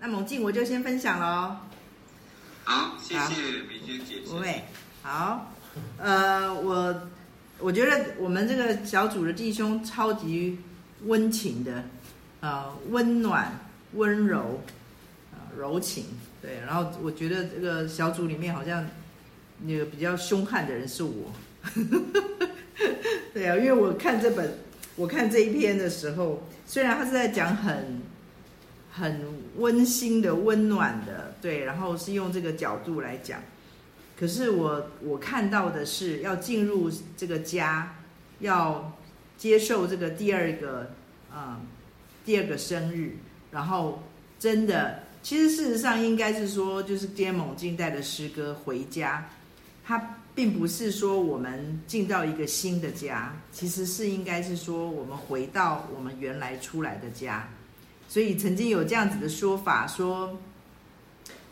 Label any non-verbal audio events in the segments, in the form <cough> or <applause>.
那麼進我就先分享嘍。好，謝謝梅娟姐姐。不好。呃，我我覺得我們這個小組的弟兄超級溫情的，呃，溫暖、溫柔、柔情。對，然後我覺得這個小組裡面好像那個比較兇悍的人是我。 <laughs> 對啊，因為我看這本，我看這一篇的時候，雖然他是在講很很溫馨的、溫暖的，對。然後是用這個角度來講，可是我我看到的是要進入這個家，要接受這個第二個嗯第二個生日。然後真的，其實事實上應該是說，就是 J.M. 敬代的詩歌《回家》，它並不是說我們進到一個新的家，其實是應該是說我們回到我們原來出來的家。所以曾經有這樣子的說法，說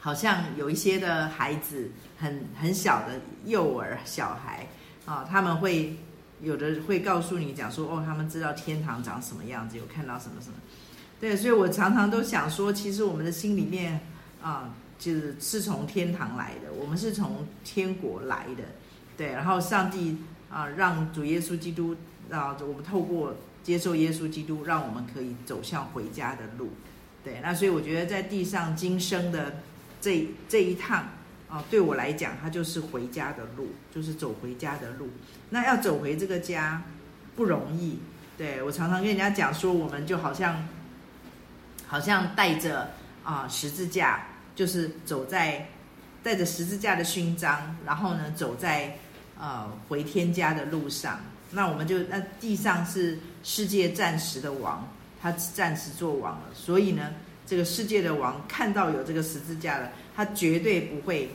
好像有一些的孩子很很小的幼兒小孩啊，他們會有的會告訴你講說哦，他們知道天堂長什麼樣子，有看到什麼什麼。對，所以我常常都想說，其實我們的心裡面啊，就是是從天堂來的，我們是從天國來的，對。然後上帝啊，讓主耶穌基督啊，我們透過。接受耶穌基督，讓我們可以走向回家的路。對，那所以我覺得，在地上今生的這這一趟啊、呃，對我來講，它就是回家的路，就是走回家的路。那要走回這個家不容易。對，我常常跟人家講說，我們就好像好像帶着啊、呃、十字架，就是走在帶着十字架的勳章，然後呢，走在、呃、回天家的路上。那我們就那地上是。世界暫時的王，他暫時做王了，所以呢，這個世界的王看到有這個十字架了，他絕對不會，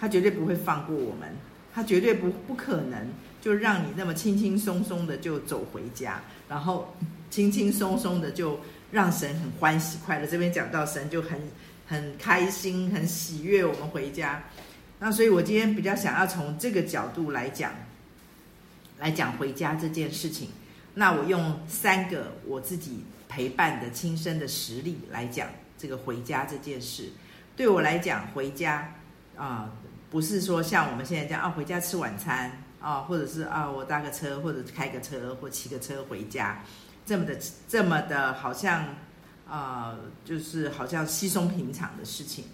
他絕對不會放過我們，他絕對不不可能就讓你那麼輕輕鬆鬆的就走回家，然後輕輕鬆鬆的就讓神很歡喜快樂。這邊講到神就很很開心、很喜悅我們回家。那所以我今天比較想要從這個角度來講，來講回家這件事情。那我用三個我自己陪伴的親身的實例來講，這個回家這件事，對我來講，回家啊、呃，不是說像我們現在這樣啊，回家吃晚餐啊，或者是啊，我搭個車或者開個車或騎個車回家，這麼的這麼的，好像啊、呃，就是好像稀鬆平常的事情。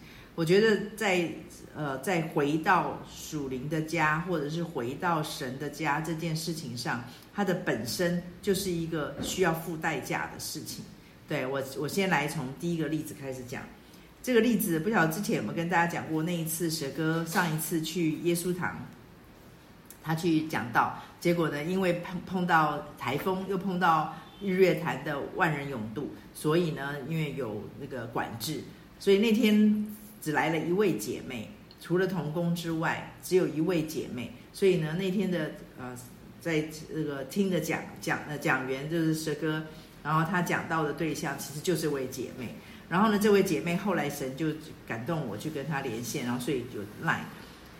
我覺得在呃，在回到屬靈的家，或者是回到神的家這件事情上，它的本身就是一個需要付代價的事情。對我，我先來從第一個例子開始講。這個例子不曉得之前有沒有跟大家講過，那一次蛇哥上一次去耶穌堂，他去講道，結果呢，因為碰碰到颱風，又碰到日月潭的萬人泳渡，所以呢，因為有那個管制，所以那天，只來了一位姐妹，除了同工之外，只有一位姐妹。所以呢，那天的、呃，在這個聽着講講的、呃、講員就是蛇哥，然後他講到的對象其實就是一位姐妹。然後呢，這位姐妹後來神就感動我去跟她連線，然後所以就 LINE。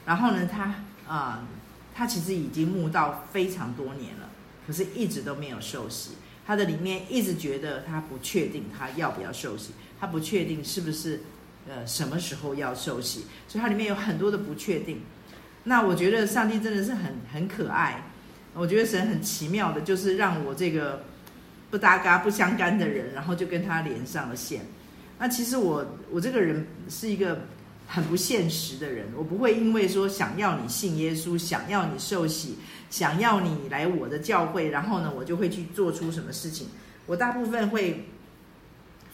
然後呢，她啊，她、呃、其實已經慕道非常多年了，可是一直都沒有受洗，她的裡面一直覺得她不確定她要不要受洗，她不確定是不是。呃，什麼時候要受洗？所以它裡面有很多的不確定。那我覺得上帝真的是很很可愛，我覺得神很奇妙的，就是讓我這個不搭嘎、不相干的人，然後就跟他連上了線。那其實我我這個人是一個很不現實的人，我不會因為說想要你信耶穌、想要你受洗、想要你來我的教會，然後呢，我就會去做出什麼事情。我大部分會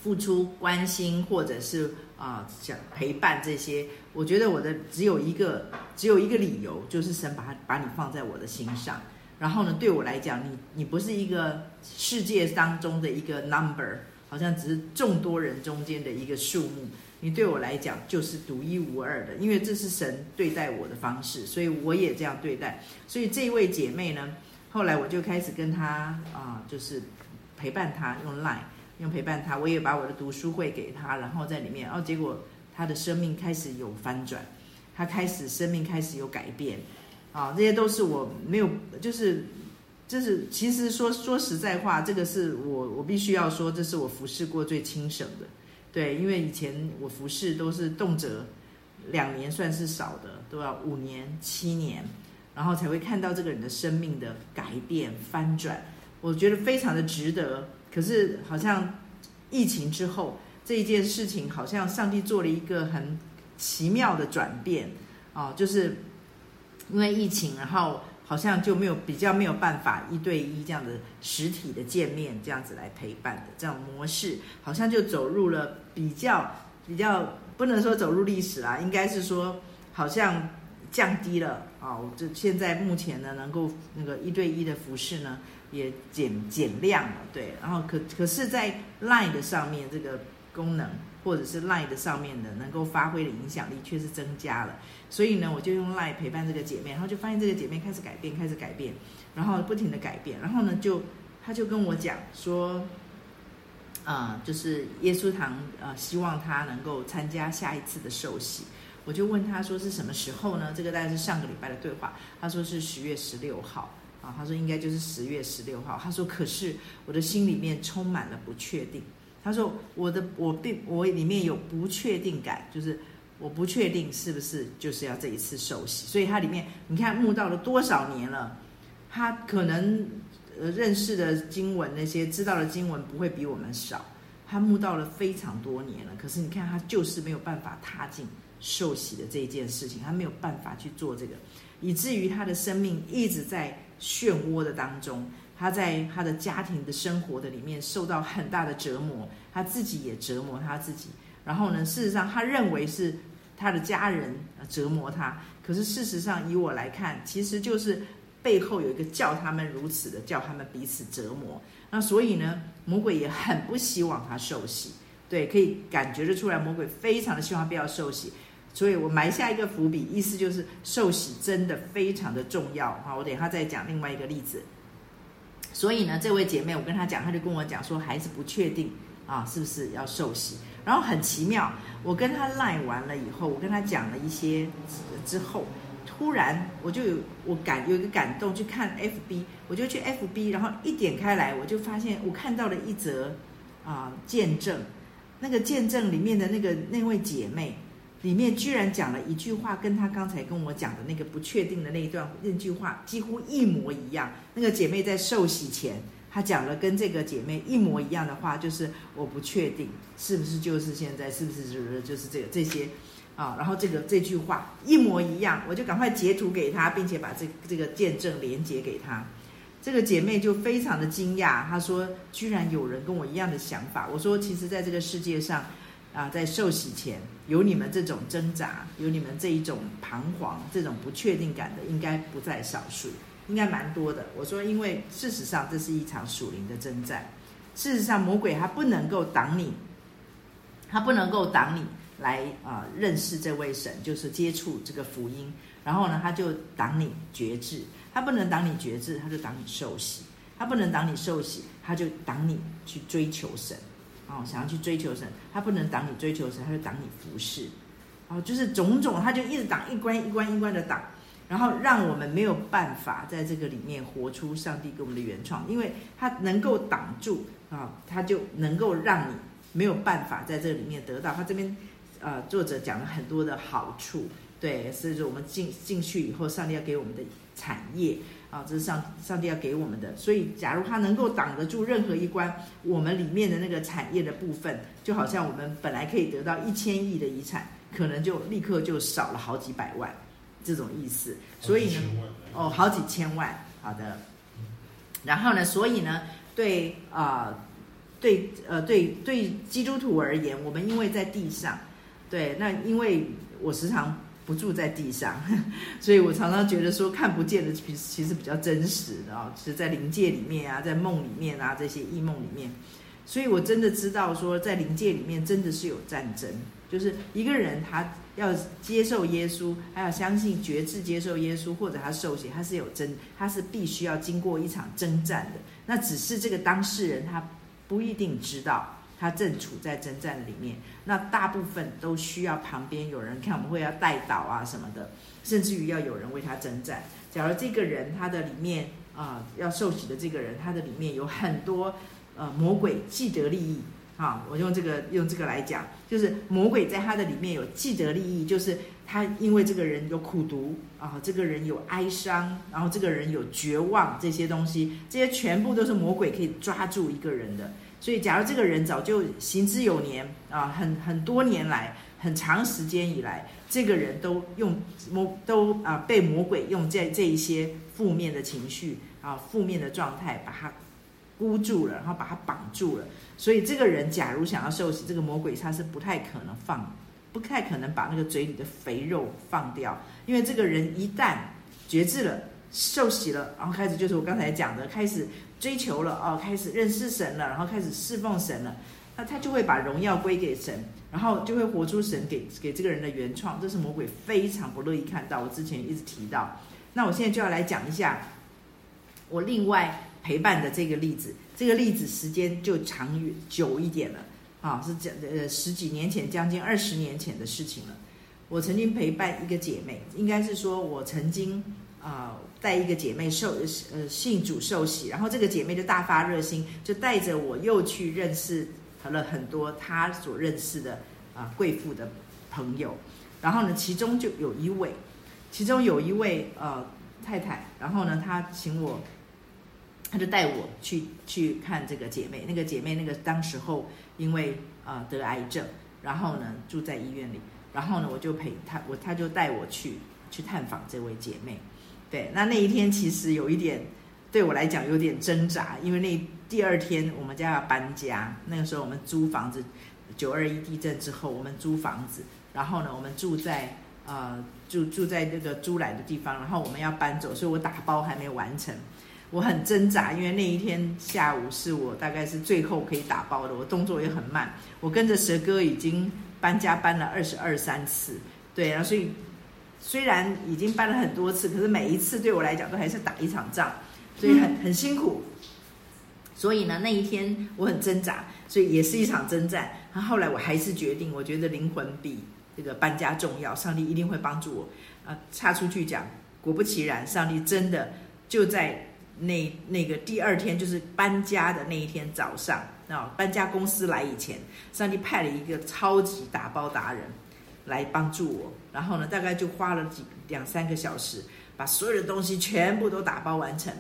付出關心，或者是。啊，想陪伴這些，我覺得我的只有一個，只有一個理由，就是神把把你放在我的心上。然後呢，對我來講，你你不是一個世界當中的一個 number，好像只是眾多人中間的一個數目。你對我來講就是獨一無二的，因為這是神對待我的方式，所以我也這樣對待。所以這一位姐妹呢，後來我就開始跟她啊，就是陪伴她用 line。用陪伴他，我也把我的讀書會給他，然後在裡面哦，結果他的生命開始有翻轉，他開始生命開始有改變，啊，這些都是我沒有，就是就是，其實說說實在話，這個是我我必須要說，這是我服侍過最輕省的，對，因為以前我服侍都是動輒兩年算是少的，都要五年七年，然後才會看到這個人的生命的改變翻轉，我覺得非常的值得。可是好像疫情之後這一件事情，好像上帝做了一個很奇妙的轉變啊、哦，就是因為疫情，然後好像就沒有比較沒有辦法一對一這樣的實體的見面，這樣子來陪伴的這樣模式，好像就走入了比較比較不能說走入歷史啦，應該是說好像降低了啊、哦，就現在目前呢能夠那個一對一的服侍呢，也減減量了，對，然後可可是，在 Line 的上面這個功能，或者是 Line 的上面的能夠發揮的影響力，卻是增加了。所以呢，我就用 Line 陪伴這個姐妹，然後就發現這個姐妹開始改變，開始改變，然後不停的改變，然後呢，就她就跟我講說，呃、就是耶穌堂呃，希望她能夠參加下一次的受洗，我就問她說是什麼時候呢？這個大概是上個禮拜的對話，她說是十月十六號。他說應該就是十月十六號。他說，可是我的心裡面充滿了不確定。他說我的，我的我並我裡面有不確定感，就是我不確定是不是就是要這一次受洗。所以他裡面，你看慕道了多少年了，他可能呃認識的經文那些知道的經文不會比我們少。他慕道了非常多年了，可是你看他就是沒有辦法踏進受洗的這一件事情，他沒有辦法去做這個，以至於他的生命一直在漩渦的當中，他在他的家庭的生活的裡面受到很大的折磨，他自己也折磨他自己。然後呢，事實上他認為是他的家人折磨他，可是事實上以我來看，其實就是背後有一個叫他們如此的，叫他們彼此折磨。那所以呢，魔鬼也很不希望他受洗，對，可以感覺得出來，魔鬼非常的希望他不要受洗。所以我埋下一個伏筆，意思就是受洗真的非常的重要。好，我等一下再講另外一個例子。所以呢，這位姐妹，我跟她講，她就跟我講說，還是不確定啊，是不是要受洗。然後很奇妙，我跟她賴完了以後，我跟她講了一些之後，突然我就有我感有一個感動，去看 FB，我就去 FB，然後一點開來，我就發現我看到了一則啊見證，那個見證裡面的那個那位姐妹。裡面居然講了一句話，跟她剛才跟我講的那個不確定的那一段那句話幾乎一模一樣。那個姐妹在受洗前，她講了跟這個姐妹一模一樣的話，就是我不確定是不是，就是現在是不是就是，就是這個這些，啊，然後這個這句話一模一樣，我就趕快截圖給她，並且把這這個見證連接給她。這個姐妹就非常的驚訝，她說，居然有人跟我一樣的想法。我說其實在這個世界上。啊，在受洗前，有你們這種掙扎，有你們這一種彷徨，這種不確定感的，應該不在少數，應該蠻多的。我說，因為事實上這是一場屬靈的征戰，事實上魔鬼他不能夠擋你，他不能夠擋你來啊、呃、認識這位神，就是接觸這個福音。然後呢，他就擋你決志，他不能擋你決志，他就擋你受洗；他不能擋你受洗，他就擋你去追求神。哦，想要去追求神，他不能擋你追求神，他就擋你服侍，哦，就是種種，他就一直擋，一關一關一關的擋，然後讓我們沒有辦法在這個裡面活出上帝給我們的原創，因為他能夠擋住啊，他就能夠讓你沒有辦法在這個裡面得到。他這邊，呃，作者講了很多的好處。對，是說我們進進去以後，上帝要給我們的產業啊，這是上上帝要給我們的。所以，假如他能夠擋得住任何一關，我們裡面的那個產業的部分，就好像我們本來可以得到一千億的遺產，可能就立刻就少了好幾百萬，這種意思。所以呢，哦，好幾千萬，好的。嗯、然後呢，所以呢，對啊、呃，對呃對對，對基督徒而言，我們因為在地上，對，那因為我時常。不住在地上， <laughs> 所以我常常覺得說，看不見的其實其實比較真實的啊，其實在靈界裡面啊，在夢裡面啊，這些異夢裡面，所以我真的知道說，在靈界裡面真的是有戰爭。就是一個人他要接受耶穌，還要相信決志接受耶穌，或者他受洗，他是有爭，他是必須要經過一場征戰的，那只是這個當事人他不一定知道。他正處在征戰裡面，那大部分都需要旁邊有人看，我們會要代禱啊什麼的，甚至於要有人為他征戰。假如這個人他的裡面啊、呃、要受洗的這個人他的裡面有很多呃魔鬼既得利益啊，我用這個用這個來講，就是魔鬼在他的裡面有既得利益，就是他因為這個人有苦毒啊，這個人有哀傷，然後這個人有絕望這些東西，這些全部都是魔鬼可以抓住一個人的。所以，假如這個人早就行之有年啊，很很多年來，很長時間以來，這個人都用魔都啊被魔鬼用在這，這一些負面的情緒啊、負面的狀態，把他箍住了，然後把他綁住了。所以，這個人假如想要受洗，這個魔鬼他是不太可能放，不太可能把那個嘴裡的肥肉放掉，因為這個人一旦決志了，受洗了，然後開始就是我剛才講的，開始追求了哦，開始認識神了，然後開始侍奉神了，那他就會把榮耀歸給神，然後就會活出神給給這個人的原創，這是魔鬼非常不樂意看到。我之前一直提到，那我現在就要來講一下我另外陪伴的這個例子，這個例子時間就長遠久一點了啊，是講呃十幾年前，將近二十年前的事情了。我曾經陪伴一個姐妹，應該是說我曾經。啊、呃，帶一個姐妹受，呃信主受洗，然後這個姐妹就大發熱心，就帶着我又去認識了很多她所認識的啊、呃、貴婦的朋友。然後呢，其中就有一位，其中有一位呃太太，然後呢，她請我，她就帶我去去看這個姐妹。那個姐妹那個當時候因為啊、呃、得癌症，然後呢住在醫院裡，然後呢我就陪她，我她就帶我去去探訪這位姐妹。對，那那一天其實有一點，對我來講有點掙扎，因為那第二天我們家要搬家。那個時候我們租房子，九二一地震之後我們租房子，然後呢，我們住在呃住住在那個租來的地方，然後我們要搬走，所以我打包還沒完成，我很掙扎，因為那一天下午是我大概是最後可以打包的，我動作也很慢，我跟着蛇哥已經搬家搬了二十二三次，對啊，然後所以。雖然已經搬了很多次，可是每一次對我來講都還是打一場仗，所以很很辛苦。嗯、所以呢，那一天我很掙扎，所以也是一場征戰。然後後來我還是決定，我覺得靈魂比這個搬家重要，上帝一定會幫助我。啊，差出去講，果不其然，上帝真的就在那那個第二天，就是搬家的那一天早上，啊，搬家公司來以前，上帝派了一個超級打包達人來幫助我。然後呢，大概就花了幾兩三個小時，把所有的東西全部都打包完成。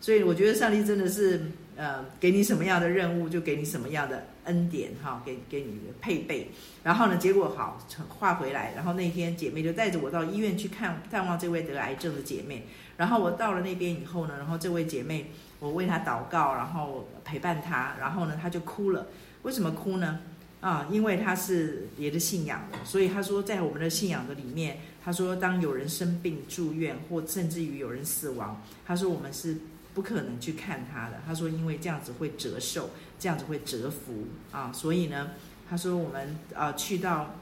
所以我覺得上帝真的是，呃，給你什麼樣的任務，就給你什麼樣的恩典哈、哦，給給你的配備。然後呢，結果好，畫回來。然後那天姐妹就帶着我到醫院去看探望這位得癌症的姐妹。然後我到了那邊以後呢，然後這位姐妹，我為她禱告，然後陪伴她。然後呢，她就哭了。為什麼哭呢？啊、嗯，因為他是別的信仰的，所以他說，在我們的信仰的裡面，他說，當有人生病住院，或甚至於有人死亡，他說我們是不可能去看他的。他說，因為這樣子會折壽，這樣子會折福。啊、嗯。所以呢，他說我們啊、呃，去到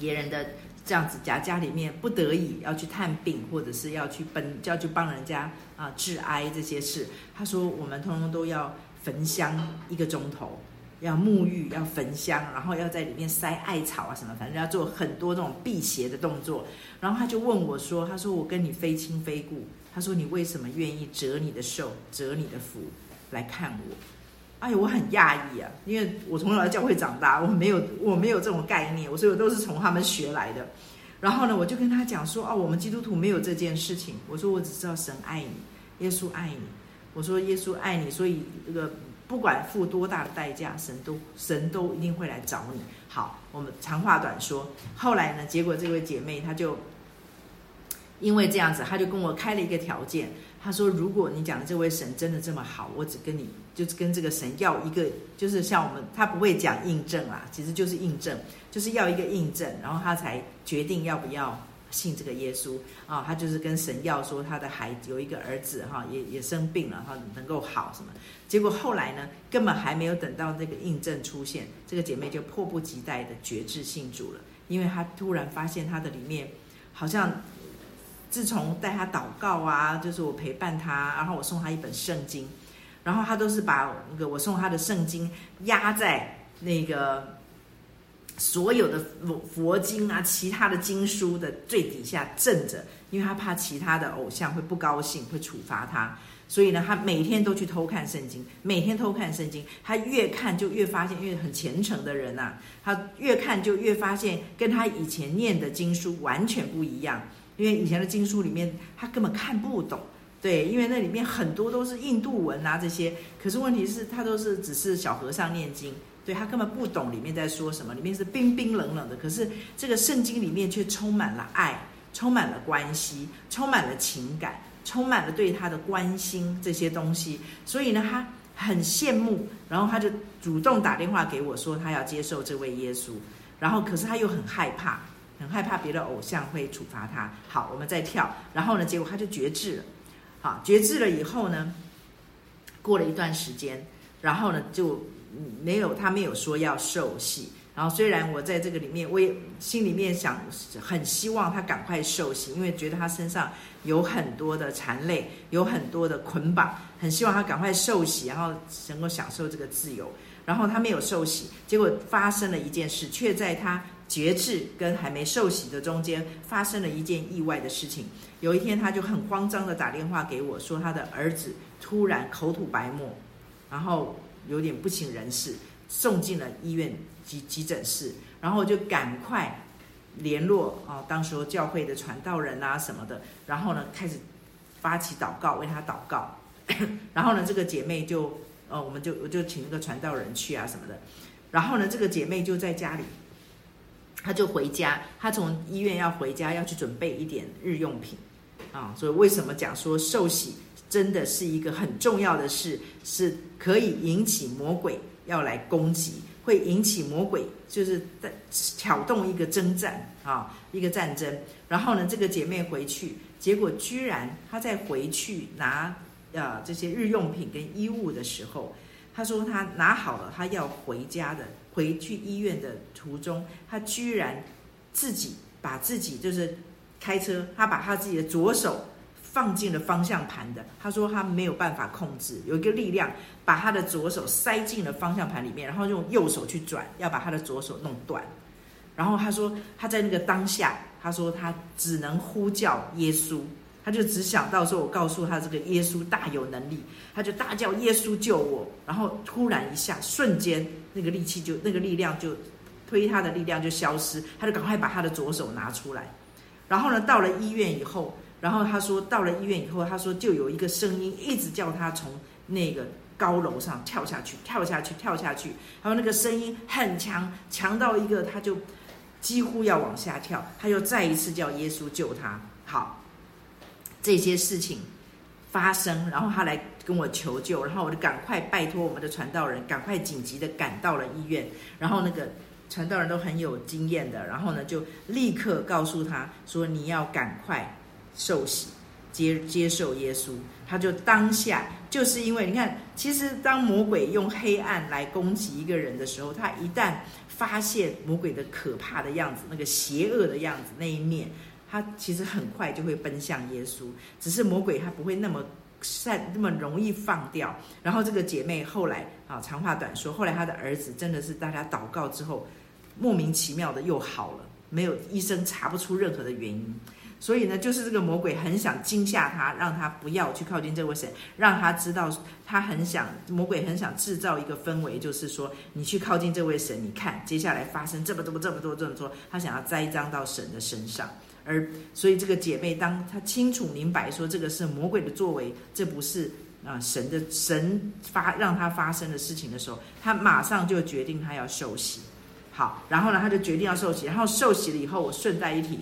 別人的這樣子家家裡面，不得已要去探病，或者是要去奔要去幫人家啊、呃、致哀這些事。他說，我們通通都要焚香一個鐘頭。要沐浴，要焚香，然後要在裡面塞艾草啊什麼，反正要做很多這種辟邪的動作。然後他就問我說：“他說我跟你非親非故，他說你為什麼願意折你的壽、折你的福來看我？”哎呀，我很訝異啊，因為我從小在教會長大，我沒有我沒有這種概念，所以我都是從他們學來的。然後呢，我就跟他講說：“哦，我們基督徒沒有這件事情。”我說：“我只知道神愛你，耶穌愛你。”我說：“耶穌愛你，所以那、這個。”不管付多大的代價，神都神都一定會來找你。好，我們長話短說。後來呢？結果這位姐妹她就因為這樣子，她就跟我開了一個條件。她說：“如果你講的這位神真的這麼好，我只跟你就是跟這個神要一個，就是像我們，她不會講印證啦、啊，其實就是印證，就是要一個印證，然後她才決定要不要。”信這個耶穌啊，他就是跟神要說他的孩子有一個兒子哈，也也生病了哈，能夠好什麼？結果後來呢，根本還沒有等到那個印證出現，這個姐妹就迫不及待的決志信主了，因為她突然發現她的裡面好像自從帶她禱告啊，就是我陪伴她，然後我送她一本聖經，然後她都是把那個我送她的聖經壓在那個所有的佛經啊，其他的經書的最底下鎮着，因為他怕其他的偶像會不高興，會處罰他，所以呢，他每天都去偷看聖經，每天偷看聖經，他越看就越發現，因為很虔誠的人吶、啊，他越看就越發現，跟他以前念的經書完全不一樣，因為以前的經書裡面他根本看不懂，對，因為那裡面很多都是印度文啊這些，可是問題是，他都是只是小和尚念經。對，他根本不懂裡面在說什麼，裡面是冰冰冷冷的，可是這個聖經裡面卻充滿了愛，充滿了關係，充滿了情感，充滿了對他的關心這些東西。所以呢，他很羨慕，然後他就主動打電話給我說他要接受這位耶穌。然後，可是他又很害怕，很害怕別的偶像會處罰他。好，我們再跳。然後呢，結果他就決志了。好，決志了以後呢，過了一段時間，然後呢就。沒有，他沒有說要受洗。然後雖然我在這個裡面，我也心裡面想，很希望他趕快受洗，因為覺得他身上有很多的纏累，有很多的捆綁，很希望他趕快受洗，然後能夠享受這個自由。然後他沒有受洗，結果發生了一件事，卻在他決志跟還沒受洗的中間發生了一件意外的事情。有一天，他就很慌張的打電話給我說，他的兒子突然口吐白沫，然後。有點不省人事，送進了醫院急急診室，然後就趕快聯絡啊、呃，當時候教會的傳道人啊什麼的，然後呢，開始發起禱告，為他禱告，然後呢，這個姐妹就呃，我們就我就請那個傳道人去啊什麼的，然後呢，這個姐妹就在家裡，她就回家，她從醫院要回家要去準備一點日用品，啊、呃，所以為什麼講說受洗？真的是一個很重要的事，是可以引起魔鬼要來攻擊，會引起魔鬼就是在挑動一個征戰啊，一個戰爭。然後呢，這個姐妹回去，結果居然她在回去拿呃這些日用品跟衣物的時候，她說她拿好了，她要回家的。回去醫院的途中，她居然自己把自己就是開車，她把她自己的左手。放進了方向盤的，他說他沒有辦法控制，有一個力量把他的左手塞進了方向盤裡面，然後用右手去轉，要把他的左手弄斷。然後他說他在那個當下，他說他只能呼叫耶穌，他就只想到說，我告訴他這個耶穌大有能力，他就大叫耶穌救我。然後突然一下，瞬間那個力氣就那個力量就推他的力量就消失，他就趕快把他的左手拿出來。然後呢，到了醫院以後。然後他說，到了醫院以後，他說就有一個聲音一直叫他從那個高樓上跳下去，跳下去，跳下去。然後那個聲音很強，強到一個他就幾乎要往下跳。他又再一次叫耶穌救他。好，這些事情發生，然後他來跟我求救，然後我就趕快拜託我們的傳道人趕快緊急的趕到了醫院。然後那個傳道人都很有經驗的，然後呢就立刻告訴他說：“你要趕快。”受洗接接受耶穌，他就當下就是因為你看，其實當魔鬼用黑暗來攻擊一個人的時候，他一旦發現魔鬼的可怕的樣子，那個邪惡的樣子那一面，他其實很快就會奔向耶穌。只是魔鬼他不會那麼善，那麼容易放掉。然後這個姐妹後來啊，長話短說，後來她的兒子真的是大家禱告之後，莫名其妙的又好了，沒有醫生查不出任何的原因。所以呢，就是這個魔鬼很想驚嚇他，讓他不要去靠近這位神，讓他知道他很想魔鬼很想製造一個氛圍，就是說你去靠近這位神，你看接下來發生這麼多、這麼多、這麼多，他想要栽贓到神的身上。而所以這個姐妹當，當他清楚明白說這個是魔鬼的作為，這不是啊、呃、神的神發讓他發生的事情的時候，他馬上就決定他要受洗。好，然後呢，他就決定要受洗，然後受洗了以後，我順帶一提。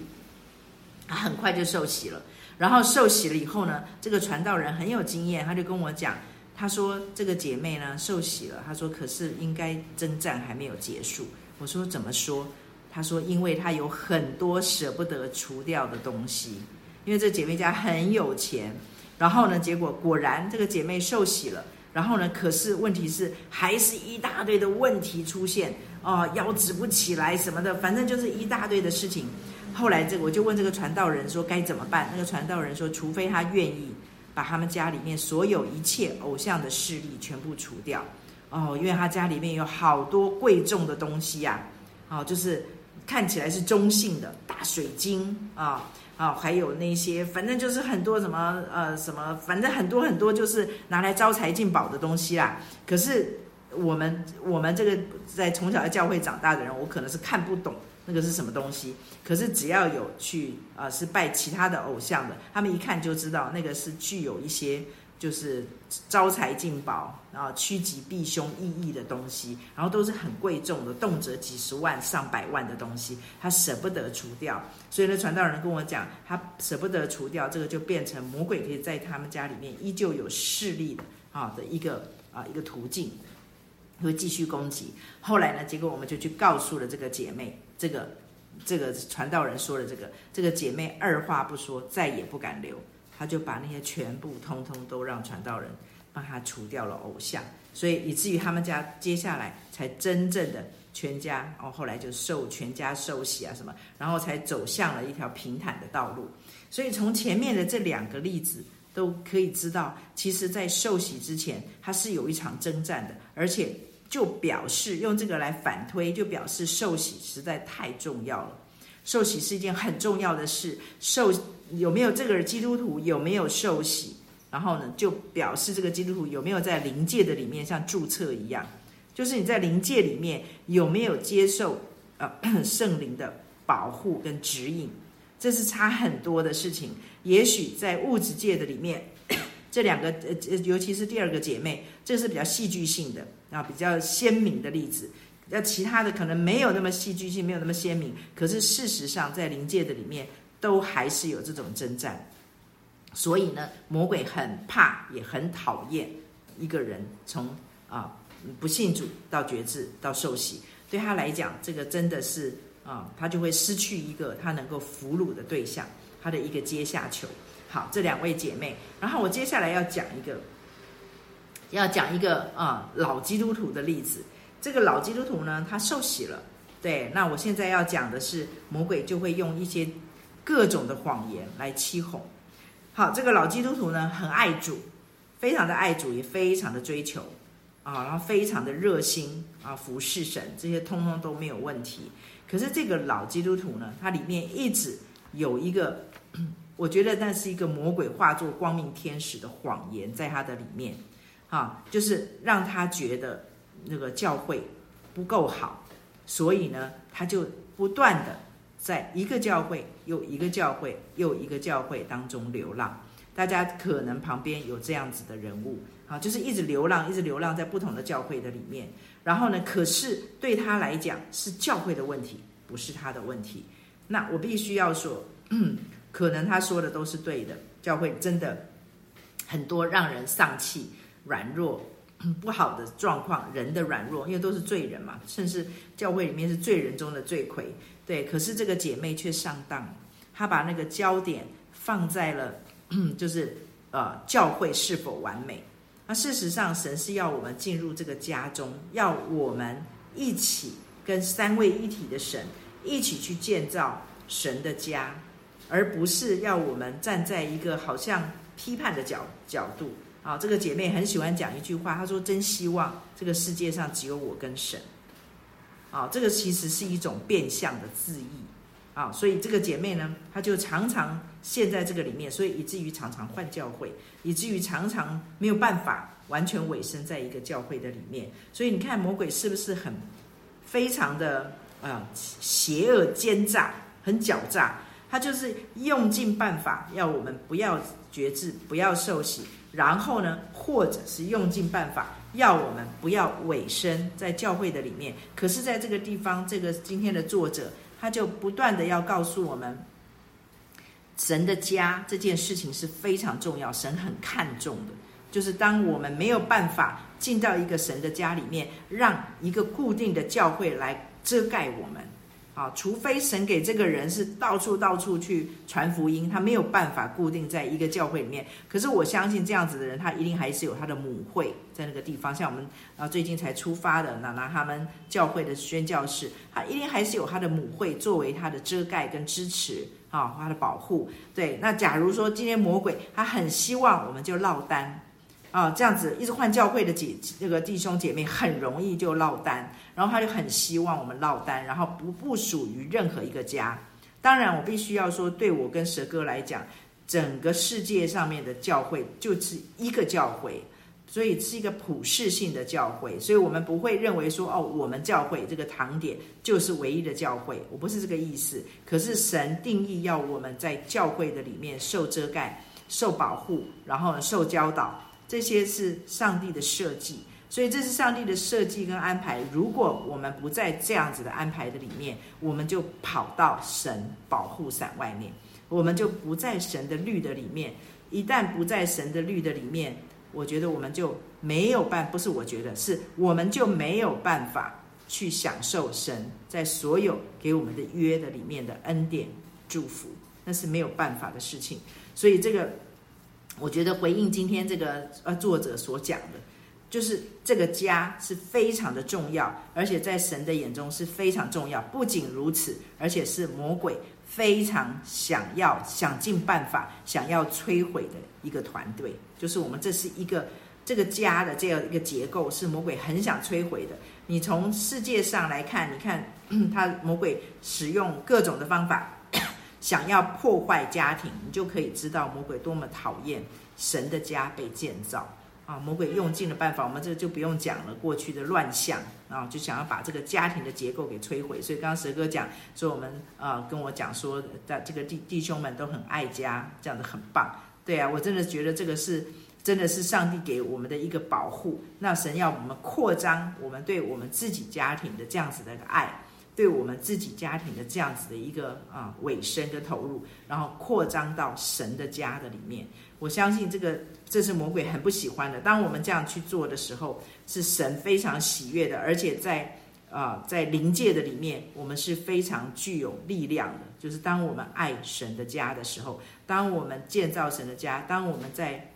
她很快就受洗了，然後受洗了以後呢，這個傳道人很有經驗，他就跟我講，他說這個姐妹呢受洗了，他說可是應該征戰還沒有結束。我說怎麼說？他說因為他有很多捨不得除掉的東西，因為這姐妹家很有錢。然後呢，結果果然這個姐妹受洗了，然後呢，可是問題是還是一大堆的問題出現，哦，腰直不起來什麼的，反正就是一大堆的事情。後來，這我就問這個傳道人說該怎麼辦？那個傳道人說，除非他願意把他們家裡面所有一切偶像的勢力全部除掉哦，因為他家裡面有好多貴重的東西呀、啊，哦，就是看起來是中性的大水晶啊啊、哦哦，還有那些，反正就是很多什麼呃什麼，反正很多很多就是拿來招財進寶的東西啦、啊。可是我們我們這個在從小的教會長大的人，我可能是看不懂。那個是什麼東西？可是只要有去啊、呃，是拜其他的偶像的，他們一看就知道那個是具有一些就是招財進寶，然後趨吉避凶意義的東西，然後都是很貴重的，動輒幾十萬、上百萬的東西，他舍不得除掉。所以呢，傳道人跟我講，他舍不得除掉這個，就變成魔鬼可以在他們家裡面依舊有勢力的啊的一個啊一個途徑，會繼續攻擊。後來呢，結果我們就去告訴了這個姐妹。這個這個傳道人說的，這個這個姐妹二話不說，再也不敢留，她就把那些全部通通都讓傳道人幫她除掉了偶像，所以以至於他們家接下來才真正的全家哦，後來就受全家受洗啊什麼，然後才走向了一條平坦的道路。所以從前面的這兩個例子都可以知道，其實，在受洗之前，它是有一場征戰的，而且。就表示用這個來反推，就表示受洗實在太重要了。受洗是一件很重要的事，受有沒有這個基督徒有沒有受洗，然後呢，就表示這個基督徒有沒有在靈界的裡面像註冊一樣，就是你在靈界裡面有沒有接受呃聖靈的保護跟指引，這是差很多的事情。也許在物質界的裡面。這兩個呃呃，尤其是第二個姐妹，這是比較戲劇性的啊，比較鮮明的例子。那其他的可能沒有那麼戲劇性，沒有那麼鮮明。可是事實上，在靈界的裡面，都還是有這種征戰。所以呢，魔鬼很怕，也很討厭一個人從啊不信主到決志到受洗，對他來講，這個真的是啊，他就會失去一個他能夠俘虜的對象，他的一個階下囚。好，這兩位姐妹，然後我接下來要講一個，要講一個啊、嗯、老基督徒的例子。這個老基督徒呢，他受洗了，對。那我現在要講的是，魔鬼就會用一些各種的謊言來欺哄。好，這個老基督徒呢，很愛主，非常的愛主，也非常的追求啊，然後非常的熱心啊，服侍神，這些通通都沒有問題。可是這個老基督徒呢，他裡面一直有一個。我覺得那是一個魔鬼化作光明天使的謊言，在他的裡面，啊，就是讓他覺得那個教會不夠好，所以呢，他就不斷地在一個教會又一個教會又一個教會當中流浪。大家可能旁邊有這樣子的人物，啊，就是一直流浪，一直流浪在不同的教會的裡面。然後呢，可是對他來講是教會的問題，不是他的問題。那我必須要說。嗯。可能他說的都是對的，教會真的很多讓人喪氣、軟弱、不好的狀況，人的軟弱，因為都是罪人嘛，甚至教會裡面是罪人中的罪魁。對，可是這個姐妹卻上當，她把那個焦點放在了，就是呃，教會是否完美？那事實上，神是要我們進入這個家中，要我們一起跟三位一體的神一起去建造神的家。而不是要我們站在一個好像批判的角角度啊。這個姐妹很喜歡講一句話，她說：“真希望這個世界上只有我跟神。”啊，這個其實是一種變相的自義啊。所以這個姐妹呢，她就常常陷在這個裡面，所以以至於常常換教會，以至於常常沒有辦法完全委身在一個教會的裡面。所以你看，魔鬼是不是很非常的呃邪惡奸詐，很狡詐？他就是用盡辦法要我們不要決志，不要受洗，然後呢，或者是用盡辦法要我們不要委身在教會的裡面。可是，在這個地方，這個今天的作者他就不斷的要告訴我們，神的家這件事情是非常重要，神很看重的。就是當我們沒有辦法進到一個神的家裡面，讓一個固定的教會來遮蓋我們。啊，除非神給這個人是到處到處去傳福音，他沒有辦法固定在一個教會裡面。可是我相信這樣子的人，他一定還是有他的母會在那個地方。像我們啊，最近才出發的娜娜他們教會的宣教士，他一定還是有他的母會作為他的遮蓋跟支持啊，他的保護。對，那假如說今天魔鬼他很希望我們就落單。啊、哦，這樣子一直換教會的姐那、這個弟兄姐妹很容易就落單，然後他就很希望我們落單，然後不不屬於任何一個家。當然，我必須要說，對我跟蛇哥來講，整個世界上面的教會就是一個教會，所以是一個普世性的教會，所以我們不會認為說哦，我們教會這個堂點就是唯一的教會。我不是這個意思，可是神定義要我們在教會的裡面受遮蓋、受保護，然後受教導。這些是上帝的設計，所以這是上帝的設計跟安排。如果我們不在這樣子的安排的裡面，我們就跑到神保護傘外面，我們就不在神的律的裡面。一旦不在神的律的裡面，我覺得我們就沒有辦，不是我覺得是我們就沒有辦法去享受神在所有給我們的約的裡面的恩典祝福，那是沒有辦法的事情。所以這個。我覺得回應今天這個呃作者所講的，就是這個家是非常的重要，而且在神的眼中是非常重要。不僅如此，而且是魔鬼非常想要、想盡辦法想要摧毀的一個團隊。就是我們這是一個這個家的這樣一個結構，是魔鬼很想摧毀的。你從世界上來看，你看他魔鬼使用各種的方法，想要破壞家庭，你就可以知道魔鬼多麼討厭神的家被建造啊！魔鬼用盡了辦法，我們這就不用講了。過去的亂象啊，就想要把這個家庭的結構給摧毀。所以剛剛蛇哥講，說我們啊跟我講說的這個弟弟兄們都很愛家，這樣子很棒。對啊，我真的覺得這個是真的是上帝給我們的一個保護。那神要我們擴張我們對我們自己家庭的這樣子的一個愛。對我們自己家庭的這樣子的一個啊尾聲的投入，然後擴張到神的家的裡面，我相信這個這是魔鬼很不喜歡的。當我們這樣去做的時候，是神非常喜悅的，而且在啊、呃、在靈界的裡面，我們是非常具有力量的。就是當我們愛神的家的時候，當我們建造神的家，當我們在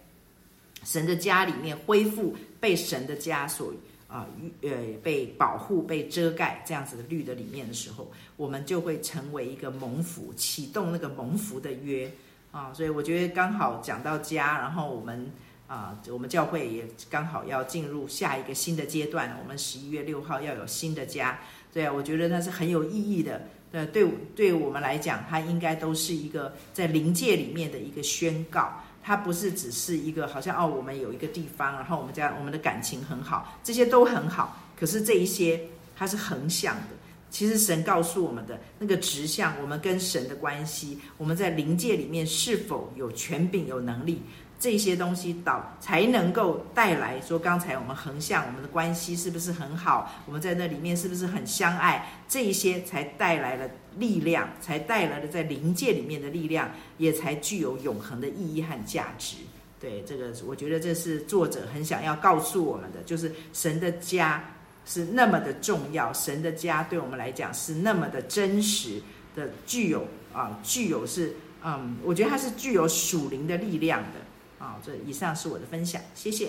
神的家裡面恢復被神的家所啊，呃，被保護、被遮蓋這樣子的綠的裡面的時候，我們就會成為一個蒙福，啟動那個蒙福的約啊。所以我覺得剛好講到家，然後我們啊，我們教會也剛好要進入下一個新的階段。我們十一月六號要有新的家，對啊，我覺得那是很有意義的。對，對，對我們來講，它應該都是一個在靈界裡面的一個宣告。它不是只是一個，好像哦，我們有一個地方，然後我們家我們的感情很好，這些都很好。可是這一些它是橫向的，其實神告訴我們的那個直向，我們跟神的關係，我們在靈界裡面是否有權柄、有能力？這些東西導才能夠帶來，說剛才我們橫向我們的關係是不是很好？我們在那裡面是不是很相愛？這一些才帶來了力量，才帶來了在靈界裡面的力量，也才具有永恆的意義和價值。對，這個我覺得這是作者很想要告訴我們的，就是神的家是那麼的重要，神的家對我們來講是那麼的真實的，具有啊，具有是嗯，我覺得它是具有屬靈的力量的。好、哦，這以上是我的分享，謝謝。